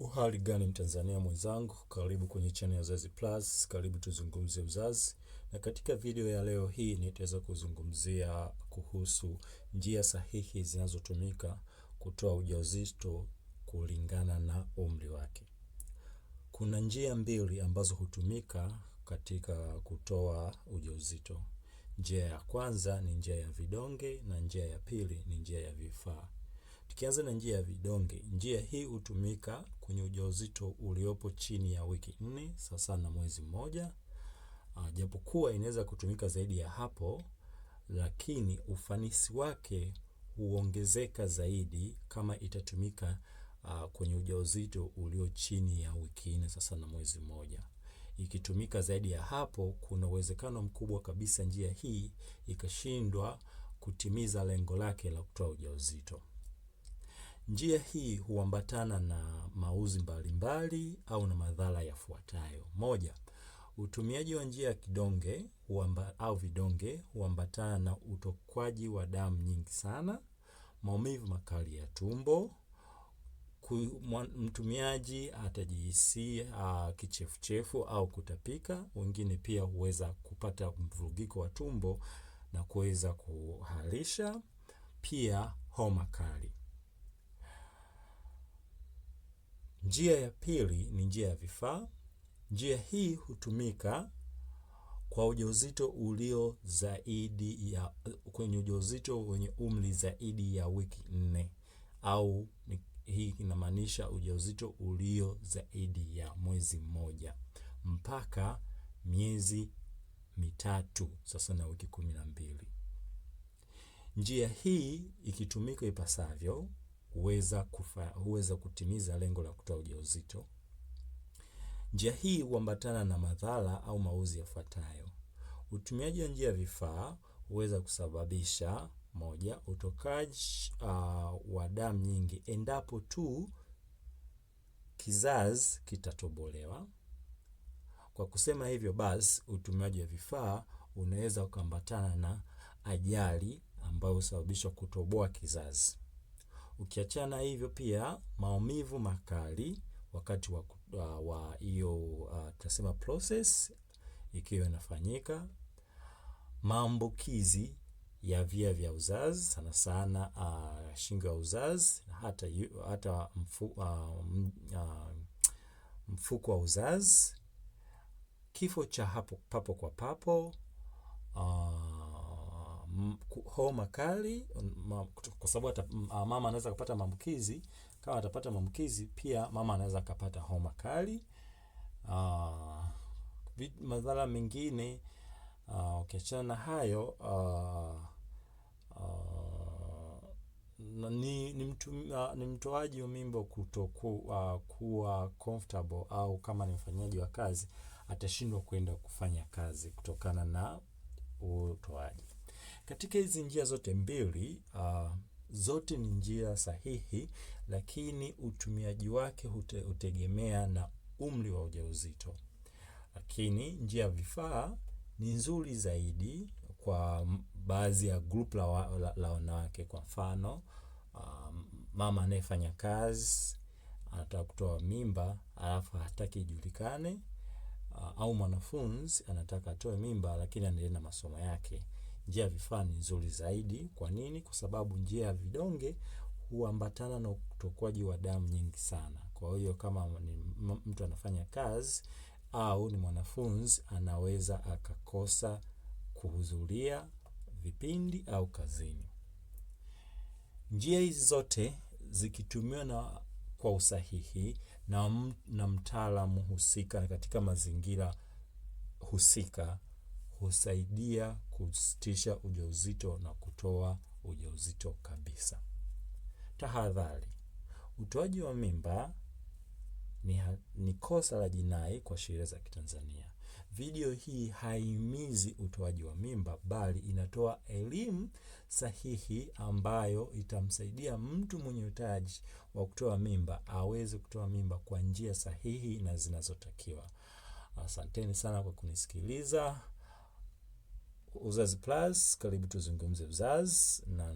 Uhali gani mtanzania mwenzangu, karibu kwenye channel ya Uzazi Plus, karibu tuzungumze uzazi. Na katika video ya leo hii nitaweza kuzungumzia kuhusu njia sahihi zinazotumika kutoa ujauzito kulingana na umri wake. Kuna njia mbili ambazo hutumika katika kutoa ujauzito. Njia ya kwanza ni njia ya vidonge na njia ya pili ni njia ya vifaa. Tukianza na njia ya vidonge, njia hii hutumika kwenye ujauzito uliopo chini ya wiki nne sasa na mwezi mmoja. Uh, japokuwa inaweza kutumika zaidi ya hapo, lakini ufanisi wake huongezeka zaidi kama itatumika uh, kwenye ujauzito ulio chini ya wiki nne sasa na mwezi mmoja. Ikitumika zaidi ya hapo, kuna uwezekano mkubwa kabisa njia hii ikashindwa kutimiza lengo lake la kutoa ujauzito. Njia hii huambatana na mauzi mbalimbali au na madhara yafuatayo. Moja, utumiaji wa njia ya kidonge au vidonge huambatana na utokwaji wa damu nyingi sana, maumivu makali ya tumbo, mtumiaji atajihisi kichefuchefu au kutapika, wengine pia huweza kupata mvurugiko wa tumbo na kuweza kuharisha, pia homa kali. Njia ya pili ni njia ya vifaa. Njia hii hutumika kwa ujauzito ulio zaidi ya kwenye ujauzito wenye umri zaidi ya wiki nne au hii inamaanisha ujauzito ulio zaidi ya mwezi mmoja mpaka miezi mitatu sasa na wiki kumi na mbili. Njia hii ikitumika ipasavyo huweza kufa, huweza kutimiza lengo la kutoa ujauzito. Njia hii huambatana na madhara au mauzi yafuatayo. Utumiaji wa njia ya vifaa huweza kusababisha moja, utokaji uh, wa damu nyingi endapo tu kizazi kitatobolewa. Kwa kusema hivyo basi, utumiaji wa vifaa unaweza ukaambatana na ajali ambayo husababishwa kutoboa kizazi. Ukiachana hivyo pia maumivu makali wakati wa hiyo uh, tunasema process ikiwa inafanyika, maambukizi ya via vya uzazi sana sana uh, shingo ya uzazi hata, hata mfu, uh, uh, mfuko wa uzazi, kifo cha hapo papo kwa papo uh, homa kali kwa sababu mama anaweza kupata maambukizi. Kama atapata maambukizi pia mama anaweza akapata homa kali. Madhara mengine ukiachana na hayo ni mtoaji wa mimba kuwa comfortable au kama ni mfanyaji wa kazi atashindwa kwenda kufanya kazi kutokana na utoaji. Katika hizi njia zote mbili, ah, zote ni njia sahihi, lakini utumiaji wake hutegemea na umri wa ujauzito. Lakini njia ya vifaa ni nzuri zaidi kwa baadhi ya group la wanawake kwa mfano, ah, mama anayefanya kazi, anataka kutoa mimba, alafu hataki ijulikane, ah, au mwanafunzi, anataka atoe mimba, lakini anaendelea na masomo yake. Njia ya vifaa ni nzuri zaidi. Kwa nini? Kwa sababu njia ya vidonge huambatana na utokwaji wa damu nyingi sana. Kwa hiyo kama ni mtu anafanya kazi au ni mwanafunzi anaweza akakosa kuhudhuria vipindi au kazini. Njia hizi zote zikitumiwa na kwa usahihi na mtaalamu husika katika mazingira husika husaidia kusitisha ujauzito na kutoa ujauzito kabisa. Tahadhari. Utoaji wa mimba ni, ha, ni kosa la jinai kwa sheria za Kitanzania. Video hii haihimizi utoaji wa mimba bali inatoa elimu sahihi ambayo itamsaidia mtu mwenye utaji wa kutoa mimba aweze kutoa mimba kwa njia sahihi na zinazotakiwa. Asanteni sana kwa kunisikiliza. Uzazi Plus, karibu tuzungumze uzazi na